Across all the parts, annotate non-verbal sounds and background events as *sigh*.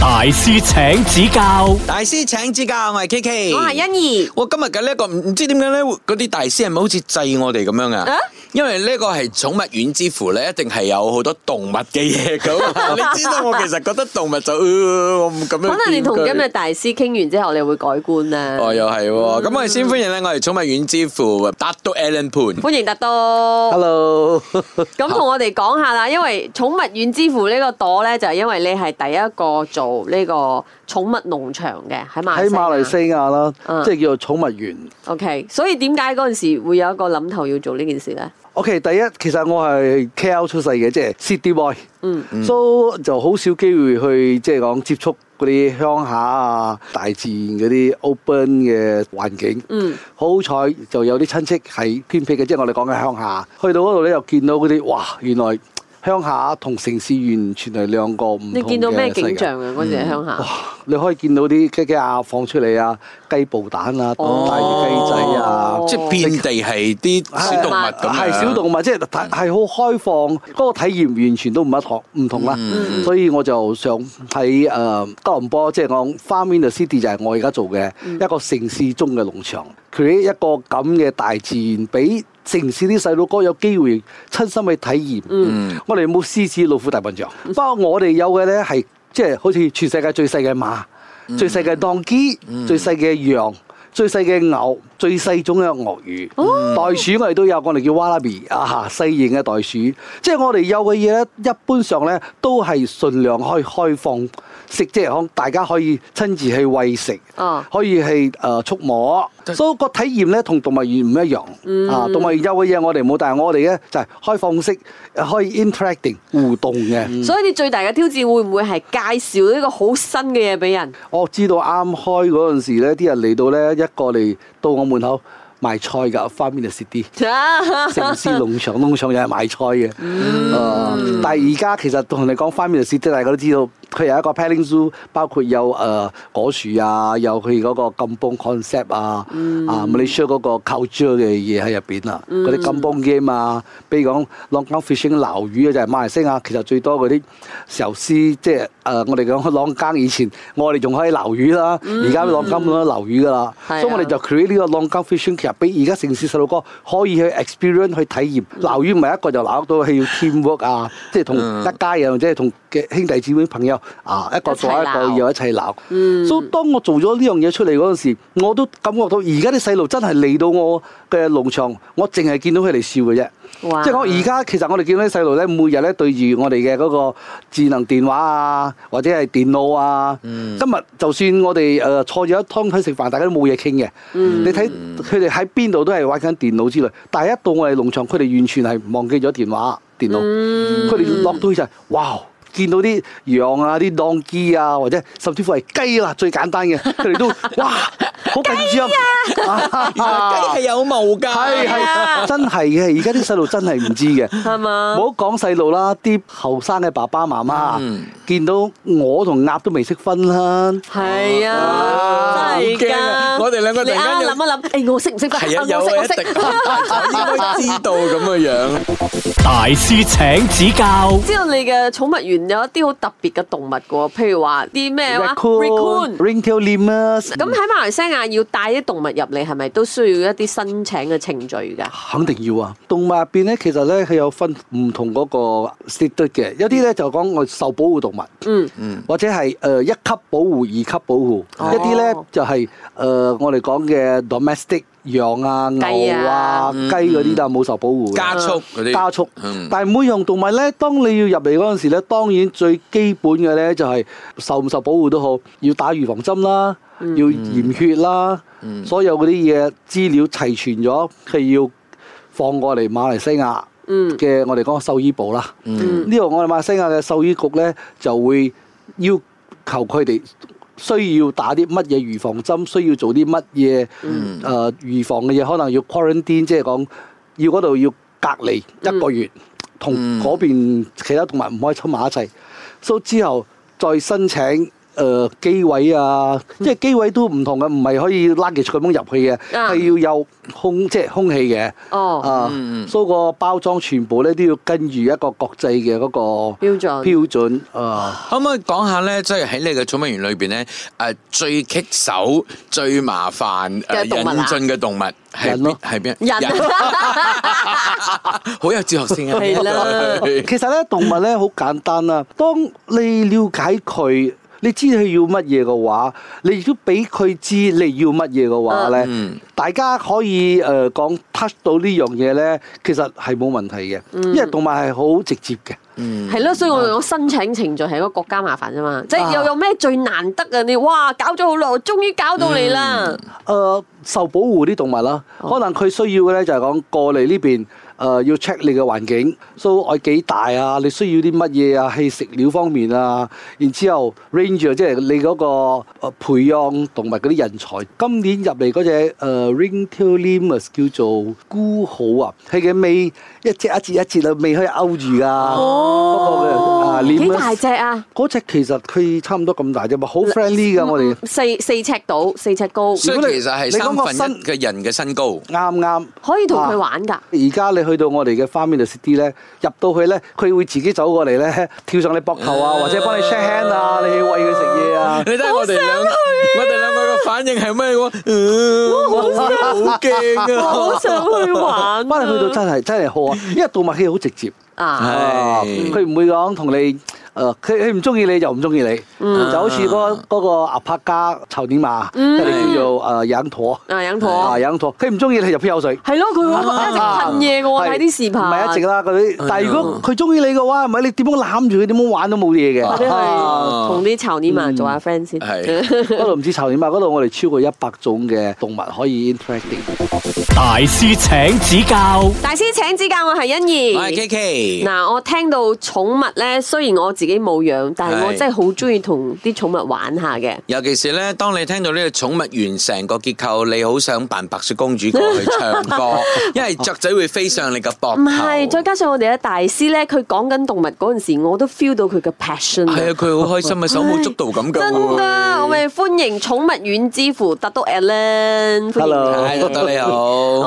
大師請指教，大師請指教，我係 K K，我係欣怡。我今日嘅呢一個唔唔知點解咧，嗰啲大師係咪好似制我哋咁樣㗎？因為呢個係寵物園之父咧，一定係有好多動物嘅嘢咁。你知道我其實覺得動物就咁樣。可能你同今日大師傾完之後，你會改觀呢。哦，又係咁，我哋先歡迎咧，我係寵物園之父，拿督 Alan Poon，歡迎拿督。Hello，咁同我哋講下啦，因為寵物園之父呢個朵咧，就係因為你係。係第一個做呢個寵物農場嘅喺馬喺馬來西亞啦，嗯、即係叫做寵物園。OK，所以點解嗰陣時會有一個諗頭要做呢件事咧？OK，第一，其實我係 K L 出世嘅，即係 City Boy，嗯，所以就好少機會去即係講接觸嗰啲鄉下啊，大自然嗰啲 open 嘅環境。嗯，好彩就有啲親戚係偏僻嘅，即係我哋講嘅鄉下，去到嗰度咧又見到嗰啲哇，原來。鄉下同城市完全係兩個唔同嘅世界。你見到咩景象嘅嗰陣係鄉下？哇、嗯哦！你可以見到啲雞雞啊放出嚟啊，雞抱蛋啊，哦、大隻雞仔啊，哦、即係遍地係啲小動物咁樣。係小動物，即係係好開放，嗰、那個體驗完全都唔一樣唔同啦。嗯、所以我就想喺誒吉隆坡，即、就、係、是、我 Farm in the City 就係我而家做嘅一個城市中嘅農場，佢一個咁嘅大自然俾城市啲細路哥有機會親身去體驗。嗯，我哋冇獅子、老虎大笨象，不過我哋有嘅咧，係即係好似全世界最細嘅馬、嗯、最細嘅當機、嗯、最細嘅羊、最細嘅牛、最細種嘅鱷魚。哦、袋鼠我哋都有，我哋叫瓦拉比啊，細型嘅袋鼠。即、就、係、是、我哋有嘅嘢咧，一般上咧都係盡量可以開放食即係可，大家可以親自去餵食，可以去誒觸摸，所以個體驗咧同動物園唔一樣啊！動物園有嘅嘢我哋冇，但係我哋咧就係開放式，可以 interacting 互動嘅。所以你最大嘅挑戰會唔會係介紹呢個好新嘅嘢俾人？我知道啱開嗰陣時咧，啲人嚟到咧，一個嚟到我門口賣菜㗎，Farm in the City，城市農場，農場又係賣菜嘅。但係而家其實同你講 Farm in the City，大家都知道。佢有一個 petting zoo，包括有誒果樹啊，有佢嗰個甘榜 concept 啊，啊，你 share 嗰個 culture 嘅嘢喺入邊啊，嗰啲甘榜 game 啊，比如講 longkang fishing 撈魚啊，就係馬來西亞其實最多嗰啲壽司，即係誒我哋講 longkang 以前我哋仲可以撈魚啦，而家 longkang 冇得撈魚噶啦，所以我哋就 create 呢個 longkang fishing，其實俾而家城市細路哥可以去 experience 去體驗撈魚，唔係一個就撈到係 team work 啊，即係同一家人或者係同嘅兄弟姊妹朋友。啊！一個坐一個，然後一齊鬧。嗯。所以當我做咗呢樣嘢出嚟嗰陣時，我都感覺到而家啲細路真係嚟到我嘅農場，我淨係見到佢哋笑嘅啫。哇！即係我而家其實我哋見到啲細路咧，每日咧對住我哋嘅嗰個智能電話啊，或者係電腦啊。嗯。今日就算我哋誒坐住一湯底食飯，大家都冇嘢傾嘅。嗯。你睇佢哋喺邊度都係玩緊電腦之類，但係一到我哋農場，佢哋完全係忘記咗電話、電腦。嗯。佢哋落到去就係，哇！見到啲羊啊、啲擋機啊，或者甚至乎係雞啦、啊，最簡單嘅，佢哋都哇！ *laughs* 好笨豬啊！雞係有毛㗎，係啊，真係嘅，而家啲細路真係唔知嘅，係嘛？唔好講細路啦，啲後生嘅爸爸媽媽見到鵝同鴨都未識分啦，係啊，真係㗎！我哋兩個突然間諗一諗，誒，我識唔識得？係啊，有啊，識，應該知道咁嘅樣。大師請指教，知道你嘅寵物園有一啲好特別嘅動物㗎喎，譬如話啲咩啊？Raccoon，Ringtail Lemur，咁喺馬來西亞。要帶啲動物入嚟，係咪都需要一啲申請嘅程序噶？肯定要啊！動物入邊咧，其實咧佢有分唔同嗰個 status 嘅，一啲咧就講我受保護動物，嗯嗯，或者係誒一級保護、二級保護，一啲咧就係誒我哋講嘅 domestic。羊啊、牛啊、雞嗰啲都係冇受保護嘅，加速嗰啲加速。但係每樣動物咧，當你要入嚟嗰陣時咧，當然最基本嘅咧就係受唔受保護都好，要打預防針啦，要驗血啦，所有嗰啲嘢資料齊全咗，係要放過嚟馬來西亞嘅我哋嗰個獸醫部啦。呢度我哋馬來西亞嘅獸醫局咧就會要求佢哋。需要打啲乜嘢預防針，需要做啲乜嘢誒預防嘅嘢？可能要 quarantine，即係講要嗰度要隔離一個月，同嗰、嗯、邊其他動物唔可以湊埋一齊，所以之後再申請。誒機位啊，即係機位都唔同嘅，唔係可以拉啲寵物入去嘅，係要有空即係空氣嘅。哦，嗯，所有包裝全部咧都要跟住一個國際嘅嗰個標準標準。誒，可唔可以講下咧？即係喺你嘅寵物園裏邊咧，誒最棘手、最麻煩引進嘅動物係咩？人咯，係咩？人，好有哲學性啊！係啦，其實咧動物咧好簡單啊。當你了解佢。你知佢要乜嘢嘅話，你如果俾佢知你要乜嘢嘅話咧，啊嗯、大家可以誒講 touch 到呢樣嘢咧，其實係冇問題嘅，嗯、因為動物係好直接嘅，係咯、嗯。所以我哋講申請程序係一個國家麻煩啫嘛，啊、即係又有咩最難得嘅你哇！搞咗好耐，終於搞到你啦。誒、嗯呃，受保護啲動物啦，可能佢需要嘅咧就係講過嚟呢邊。誒要 check 你嘅環境，so 我幾大啊？你需要啲乜嘢啊？喺食料方面啊，然之後 range 即係你嗰個誒培養動物嗰啲人才。今年入嚟嗰隻誒 Ring-tailed Lemur 叫做孤好啊，佢嘅尾一節一節一節就可以勾住㗎。哦，幾大隻啊？嗰隻其實佢差唔多咁大隻，咪好 friendly 㗎我哋。四四尺到，四尺高。所以其實係三分一嘅人嘅身高。啱啱可以同佢玩㗎。而家你。去到我哋嘅 Farm in the City 咧，入到去咧，佢會自己走過嚟咧，跳上你膊頭啊，或者幫你 check hand 啊，你去餵佢食嘢啊，你睇下我哋兩我哋兩個嘅反應係咩話？我好驚啊！好想去玩。翻去到真係真係好啊，因為動物係好直接啊，佢唔會講同你。誒佢佢唔中意你就唔中意你，就好似嗰嗰個阿帕加、草泥馬，佢哋叫做誒羊駝，啊羊駝，啊羊駝，佢唔中意你就噴口水，係咯，佢一直噴嘢嘅喎，睇啲視頻，唔係一直啦啲，但係如果佢中意你嘅話，唔係你點樣攬住佢，點樣玩都冇嘢嘅，或者去同啲草泥馬做下 friend 先，嗰度唔止草泥馬，嗰度我哋超過一百種嘅動物可以 interacting。大師請指教，大師請指教，我係欣宜，我係 K K。嗱，我聽到寵物咧，雖然我自己冇養，但係我真係好中意同啲寵物玩下嘅。尤其是咧，當你聽到呢個寵物園成個結構，你好想扮白雪公主過去唱歌， *laughs* 因為雀仔會飛上你個膊頭。唔係，再加上我哋嘅大師呢，佢講緊動物嗰陣時，我都 feel 到佢嘅 passion。係啊，佢、啊、好開心啊，手舞足蹈咁噶。 *laughs* 歡迎寵物園之父拿督 Hello,。Alan Dr。 . *laughs* Hello，拿督你好。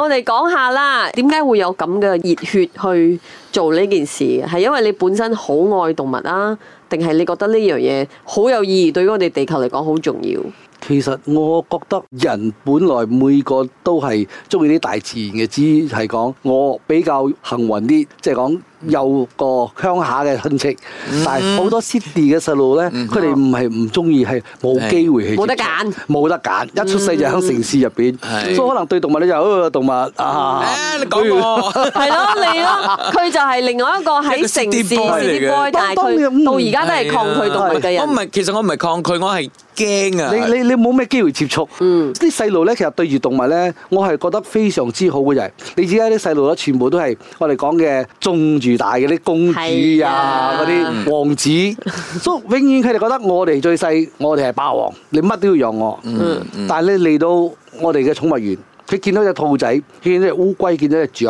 我哋講下啦，點解會有咁嘅熱血去做呢件事？係因為你本身好愛動物啊，定係你覺得呢樣嘢好有意義，對於我哋地球嚟講好重要。其實我覺得人本來每個都係中意啲大自然嘅，只係講我比較幸運啲，即係講有個鄉下嘅親戚，但係好多 city 嘅細路咧，佢哋唔係唔中意，係冇機會去，冇得揀，冇得揀，一出世就喺城市入邊，所以可能對動物你就好過動物啊。誒，你講喎，係咯，你咯，佢就係另外一個喺城市嘅，到而家都係抗拒動物嘅人。我唔係，其實我唔係抗拒，我係。驚啊！你你你冇咩機會接觸，啲細路咧，其實對住動物咧，我係覺得非常之好嘅就係。你知啦，啲細路咧，全部都係我哋講嘅，種住大嘅啲公主啊，嗰啲王子，所、啊 *laughs* so, 永遠佢哋覺得我哋最細，我哋係霸王，你乜都要讓我。嗯嗯。但係你嚟到我哋嘅寵物園，佢見到隻兔仔，見到隻烏龜，見到隻雀，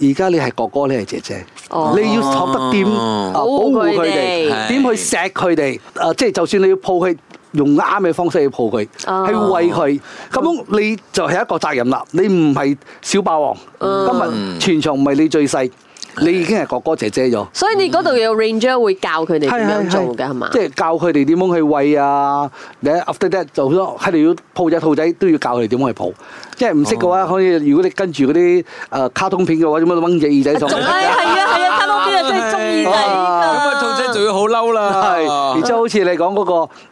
而家你係哥哥，你係姐姐，oh, 你要學得點保護佢哋，點去錫佢哋，誒即係就算你要抱佢，用啱嘅方式抱、oh. 去抱佢，係餵佢，咁樣你就係一個責任啦。你唔係小霸王，mm. 今日全場唔係你最細，mm. 你已經係哥哥姐姐咗。所以你嗰度有 Ranger 會教佢哋點樣做嘅係嘛？即係吧、就是、教佢哋點樣去餵啊！你 after that 就好多，喺度要抱隻兔仔都要教佢哋點樣去抱。即係唔識嘅話，可以如果你跟住嗰啲誒卡通片嘅話，點樣掹隻耳仔筒？係啊係啊，卡通片啊真係中意啦！咁咪仲即係仲要好嬲啦！係，然之後好似你講嗰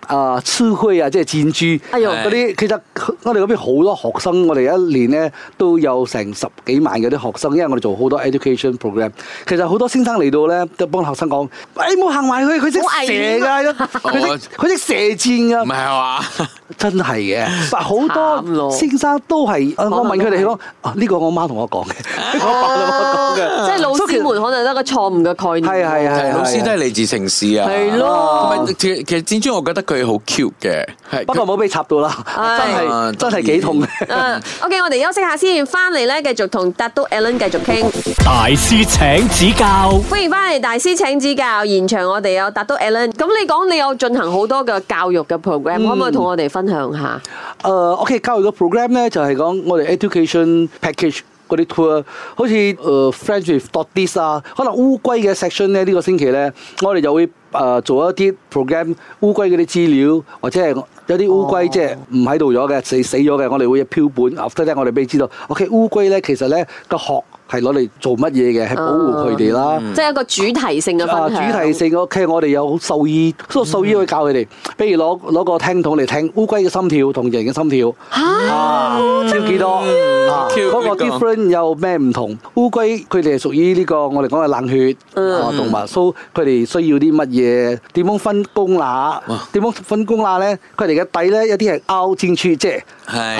個啊，刺蝟啊，即係箭豬。哎呦，嗰啲其實我哋嗰邊好多學生，我哋一年咧都有成十幾萬嘅啲學生，因為我哋做好多 education program。其實好多先生嚟到咧都幫學生講，哎，冇行埋去，佢識射㗎，佢識佢識射箭㗎。唔係啊嘛。真係嘅，好多先生都係，我問佢哋講，呢個我媽同我講嘅，我媽同我講嘅，即係老師們可能得個錯誤嘅概念，係係係，老師都係嚟自城市啊，係咯。其實戰珠，我覺得佢好 cute 嘅，不過唔好俾插到啦，真係真係幾痛。嗯，OK，我哋休息下先，翻嚟咧繼續同達都 Allen 繼續傾。大師請指教，歡迎翻嚟。大師請指教，現場我哋有達都 Allen。咁你講，你有進行好多嘅教育嘅 program，可唔可以同我哋？分享下，誒，OK，我哋教育嘅 program 咧，就係講我哋 education package 嗰啲 tour，好似誒 Friends with tortoise 啊，可能烏龜嘅 section 咧，呢個星期咧，我哋就會誒做一啲 program，烏龜嗰啲資料或者係有啲烏龜即係唔喺度咗嘅，死死咗嘅，我哋會有標本 After that，我哋俾你知道。OK，烏龜咧，其實咧個殼。係攞嚟做乜嘢嘅？係保護佢哋啦，即係一個主題性嘅分享。主題性嘅，O K，我哋有獸醫，所以獸醫去教佢哋。比如攞攞個聽筒嚟聽烏龜嘅心跳同人嘅心跳，啊，跳幾多？啊，嗰個 different 有咩唔同？烏龜佢哋係屬於呢個我哋講嘅冷血動物，所以佢哋需要啲乜嘢？點樣分工啦？點樣分工啦？咧，佢哋嘅底咧有啲係凹尖處，即係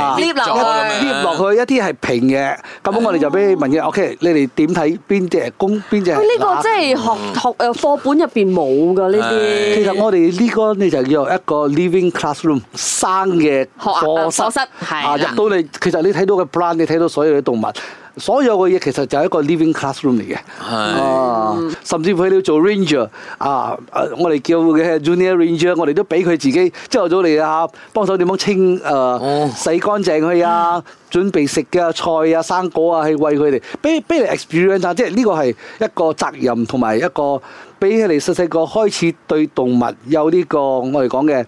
啊，跌落去，跌落去，一啲係平嘅。咁我哋就俾問嘅 O K。即係你哋點睇邊隻公邊隻？佢呢個即係學學誒課本入邊冇噶呢啲。其實我哋呢個咧就叫做一個 living classroom，生嘅學課室。係入到你其實你睇到嘅 plant，你睇到所有嘅動物，所有嘅嘢其實就係一個 living classroom 嚟嘅。係甚至乎你要做 ranger 啊，誒我哋叫嘅 junior ranger，我哋都俾佢自己朝頭早嚟啊，幫手點樣清誒洗乾淨佢啊。準備食嘅菜啊、生果啊，去餵佢哋。俾俾你 experience 下，即係呢個係一個責任同埋一個俾你細細個開始對動物有呢個我哋講嘅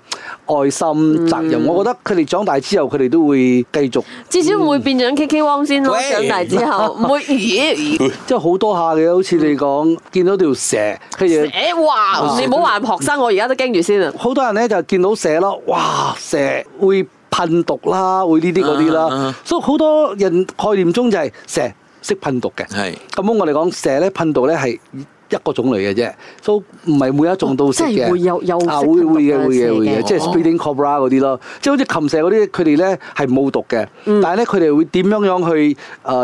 愛心責任。我覺得佢哋長大之後，佢哋都會繼續至少唔會變咗 K K 汪先咯。長大之後唔會。咦即係好多下嘅，好似你講見到條蛇，跟住蛇哇！你唔好話學生，我而家都驚住先啊。好多人咧就見到蛇咯，哇！蛇會。噴毒啦，會呢啲嗰啲啦，所以好多人概念中就係蛇識噴毒嘅。係咁樣我哋講蛇咧噴毒咧係一個種類嘅啫，所以唔係每一種都識嘅。即係會有有啊會會嘅會嘅會嘅，即係 spitting cobra 嗰啲咯，即係好似錦蛇嗰啲，佢哋咧係冇毒嘅，但係咧佢哋會點樣樣去誒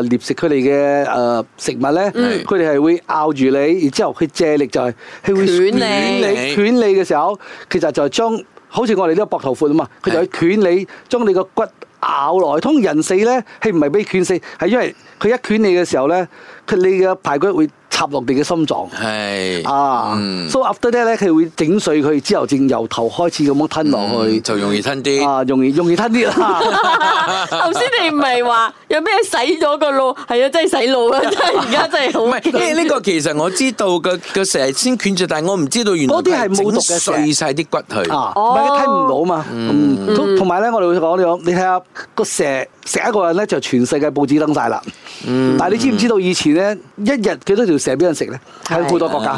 獵食佢哋嘅誒食物咧？佢哋係會咬住你，然之後佢借力就係佢會捲你捲你捲你嘅時候，其實就係將。好似我哋呢個膊頭闊啊嘛，佢就係鉸你，將你個骨咬來，通常人死咧，係唔係俾佢鉸死？係因為佢一鉸你嘅時候咧，佢你嘅排骨會插落你嘅心臟。係是啊，所以 after that 咧，佢、so、會整碎佢，之後正由頭開始咁樣吞落去、嗯，就容易吞啲啊，容易容易吞啲啦。頭先 *laughs* *laughs* *laughs* 你唔係話？有咩洗咗個腦？係啊，真係洗腦啊！真係而家真係好。唔係呢個其實我知道個個蛇先捲住，但係我唔知道原來嗰啲係冇毒嘅碎晒啲骨去。啊，唔係你睇唔到啊嘛。嗯，同同埋咧，我哋會講呢種，你睇下個蛇食一個人咧，就全世界報紙登晒啦。嗯。但係，你知唔知道以前咧，一日幾多條蛇俾人食咧？喺好多國家，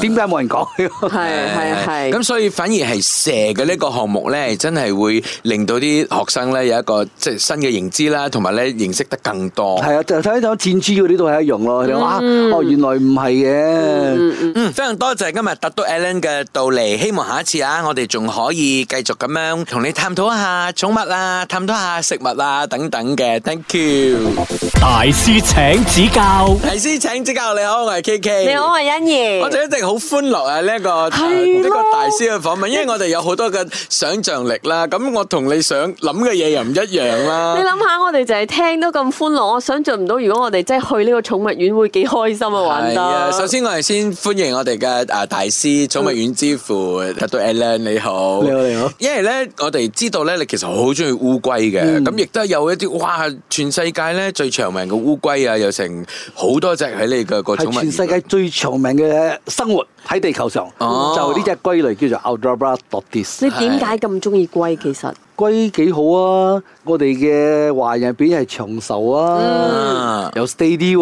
點解冇人講？係係係。咁所以反而係蛇嘅呢個項目咧，真係會令到啲學生咧有一個即係新嘅認知啦，同埋咧。，認識得更多係啊！就睇到飼豬嗰啲都係一樣咯。哇！哦，原來唔係嘅。嗯嗯嗯。嗯，非常多謝今日得到 Alan 嘅到嚟，希望下一次啊，我哋仲可以繼續咁樣同你探討一下寵物啊，探討下食物啊等等嘅。Thank you，大師請指教。大師請指教，你好，我係 K K。你好，我係欣怡。我哋一定好歡樂啊！呢一個呢個大師嘅訪問，因為我哋有好多嘅想像力啦。咁我同你想諗嘅嘢又唔一樣啦。你諗下，我哋就係聽。聽到咁歡樂，我想象唔到如果我哋真係去呢個寵物園會幾開心啊！玩得。首先我哋先歡迎我哋嘅，誒大師，寵物園之父，得到 Alan，你好。你好你好。因為咧，我哋知道咧，你其實好中意烏龜嘅，咁亦都有一啲哇，全世界咧最長命嘅烏龜啊，有成好多隻喺你嘅個寵物園。係全世界最長命嘅生活。喺地球上就呢隻龜類叫做 Aldabra tortoise，你點解咁中意龜？其實龜幾好啊！我哋嘅華人變係長壽啊，有 steady，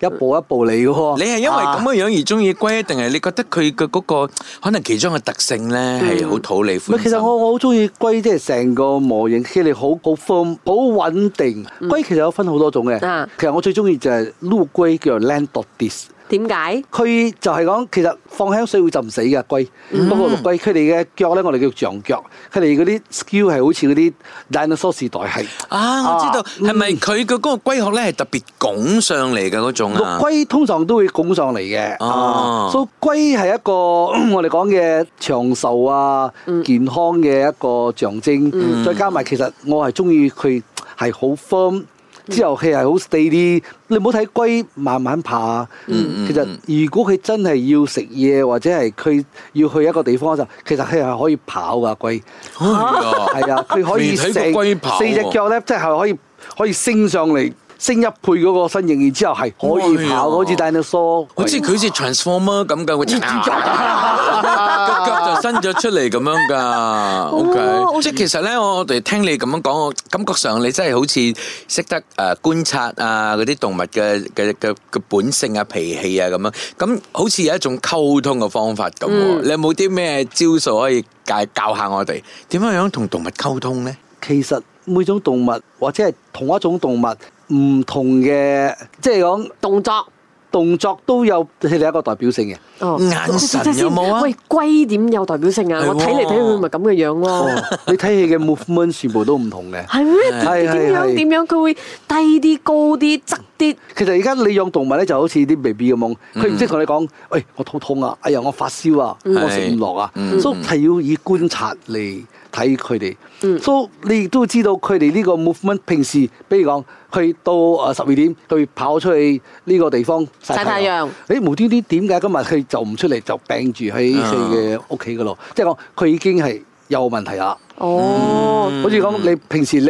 一步一步嚟嘅。你係因為咁嘅樣而中意龜，定係你覺得佢嘅嗰個可能其中嘅特性咧係好土？你歡？唔係，其實我我好中意龜，即係成個模型，佢哋好好 form，好穩定。龜其實有分好多種嘅，其實我最中意就係陸龜，叫 land tortoise 點解？佢就係講其實放響水會浸死嘅龜，不過陸龜佢哋嘅腳咧，我哋叫象腳，佢哋嗰啲 skill 係好似嗰啲 Dinosaur 時代係。啊，我知道，係咪佢嘅嗰個龜殼咧係特別拱上嚟嘅嗰種啊？陸龜通常都會拱上嚟嘅。哦，所以龜係一個我哋講嘅長壽啊、健康嘅一個象徵。再加埋其實我係中意佢係好 fun。之後佢係好 stay 啲，你唔好睇龜慢慢爬。嗯、其實如果佢真係要食嘢或者係佢要去一個地方，就其實佢係可以跑噶龜。係啊，佢、啊啊、可以四隻腳咧，即、就、係、是、可以可以升上嚟，升一倍嗰個身形，然之後係可以跑好似 Dinosaur。啊、啊、我知佢似 transformer 啊，咁㗎腳 *laughs* 就伸咗出嚟咁樣噶，O K，即係其實咧，我我哋聽你咁樣講，我感覺上你真係好似識得誒觀察啊嗰啲動物嘅嘅嘅嘅本性脾氣啊脾氣啊咁樣，咁好似有一種溝通嘅方法咁。嗯、你有冇啲咩招數可以介教下我哋點樣樣同動物溝通咧？其實每種動物或者係同一種動物唔同嘅，即係講動作。動作都有係另一個代表性嘅，眼神有冇啊？喂，龜點有代表性啊？我睇嚟睇去，咪咁嘅樣喎。你睇戲嘅 movement 全部都唔同嘅，係咩？點樣點樣？佢會低啲、高啲、側啲。其實而家你養動物咧，就好似啲 baby 咁，佢唔識同你講，喂，我肚痛啊！哎呀，我發燒啊！我食唔落啊！都係要以觀察嚟。睇佢哋，所以、嗯 so, 你亦都知道佢哋呢個 movement 平時比如講，去到啊十二點，佢跑出去呢個地方曬太陽。誒無端端點解今日佢就唔出嚟，就病住喺佢嘅屋企嘅咯？即係講佢已經係有問題啦。哦，好似講你平時你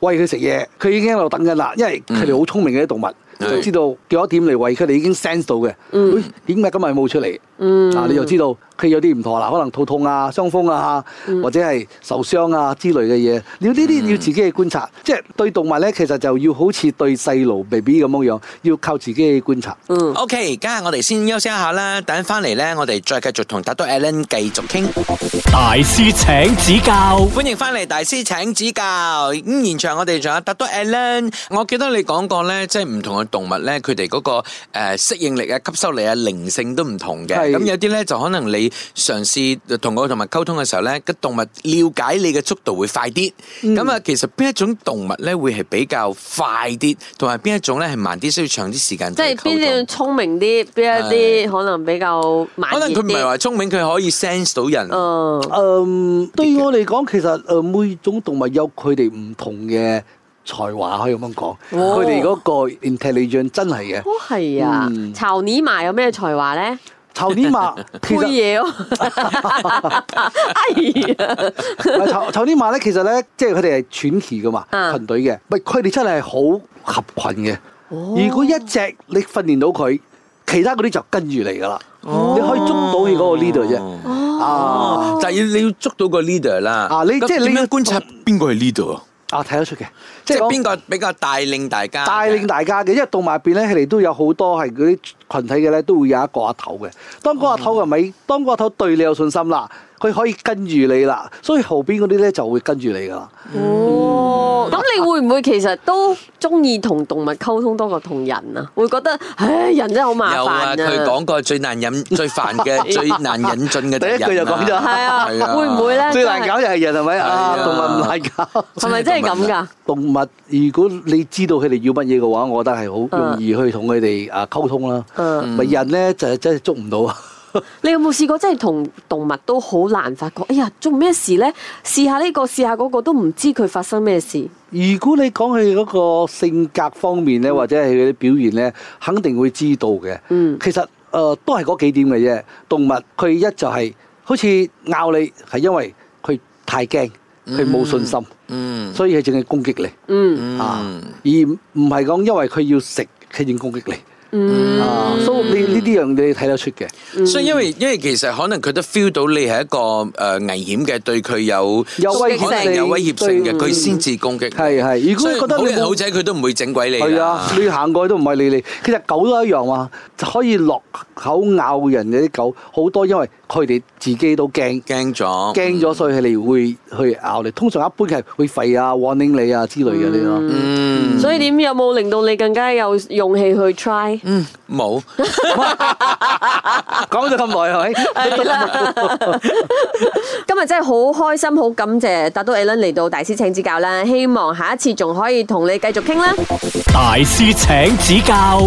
餵佢食嘢，佢已經喺度等緊啦。因為佢哋好聰明嘅啲動物，嗯、就知道幾多點嚟餵佢哋已經 sense 到嘅。嗯，點解今日冇出嚟？嗯，啊，你又知道佢有啲唔妥啦，可能肚痛啊、傷風啊，或者係受傷啊之類嘅嘢。要呢啲要自己去觀察，即係對動物咧，其實就要好似對細路 baby 咁樣樣，要靠自己去觀察。嗯，OK，而家我哋先休息一下啦，等翻嚟咧，我哋再繼續同 Dato Alan 繼續傾。大師請指教，歡迎翻嚟。大師請指教。咁現場我哋仲有 Dato Alan，我記得你講過咧，即係唔同嘅動物咧，佢哋嗰個誒適應力啊、吸收力啊、靈性都唔同嘅。咁有啲咧就可能你嘗試同個動物溝通嘅時候咧，個動物了解你嘅速度會快啲。咁啊，其實邊一種動物咧會係比較快啲，同埋邊一種咧係慢啲，需要長啲時間。即係邊啲聰明啲，邊一啲可能比較慢啲。可能佢唔係話聰明，佢可以 sense 到人。嗯，um, 嗯，對於我嚟講，其實誒每種動物有佢哋唔同嘅才華，可以咁講。佢哋嗰個 intelligent 真係嘅。哦，係啊，草泥馬有咩才華咧？草泥馬配嘢哦，哎呀！草草泥馬咧，其實咧， *laughs* *laughs* 即係佢哋係喘氣嘅嘛，嗯、群隊嘅，唔，佢哋真係好合群嘅。哦、如果一隻你訓練到佢，其他嗰啲就跟住嚟噶啦。哦、你可以捉到佢嗰個 leader 啫。哦，啊、但係要你要捉到個 leader 啦。啊，你那即係點樣觀察邊個係 leader 啊？啊，睇得出嘅，就是、即係邊個比較帶領大家？帶領大家嘅，因為動物入邊咧，係嚟都有好多係嗰啲群體嘅咧，都會有一個阿頭嘅。當個阿頭係咪，哦、當個阿頭對你有信心啦。佢可以跟住你啦，所以後邊嗰啲咧就會跟住你噶啦。哦、嗯，咁、嗯、你會唔會其實都中意同動物溝通多過同人啊？會覺得唉、哎，人真係好麻煩啊！有啊，佢講過最難引、最煩嘅、 *laughs* 最難引進嘅 *laughs* 第一句就講咗，係啊，啊會唔會咧？最難搞就係人係咪啊，啊？動物唔難搞，係咪真係咁㗎？動物如果你知道佢哋要乜嘢嘅話，我覺得係好容易去同佢哋啊溝通啦。咪、嗯、人咧就真係捉唔到。 *laughs* 你有冇試過真係同動物都好難發覺？哎呀，做咩事呢？試下呢、這個，試下嗰、那個，都唔知佢發生咩事。如果你講佢嗰個性格方面呢，嗯、或者係佢啲表現呢，肯定會知道嘅。嗯，其實誒都係嗰幾點嘅啫。動物佢一就係好似咬你，係因為佢太驚，佢冇信心，所以佢淨係攻擊你。嗯啊，而唔係講因為佢要食，佢先攻擊你。嗯、mm hmm. 啊，所以呢呢啲樣你睇得出嘅，所以因為因為其實可能佢都 feel 到你係一個誒危險嘅，對佢有有威脅性，有威脅性嘅，佢先至攻擊。係係，如果覺得你所以好人好仔，佢都唔會整鬼你。係啊，你行過去都唔係理你。其實狗都一樣嘛，可以落口咬人嘅啲狗好多，因為。佢哋自己都驚，驚咗，驚咗，嗯、所以佢哋會去咬你。通常一般係會吠啊、warning 你啊之類嘅啲咯。嗯，嗯、所以點，有冇令到你更加有勇氣去 try？嗯，冇。 *laughs* *laughs* 講咗咁耐，係 *laughs* 今日真係好開心，好感謝拿督 Allen 嚟到大師請指教啦！希望下一次仲可以同你繼續傾啦。大師請指教。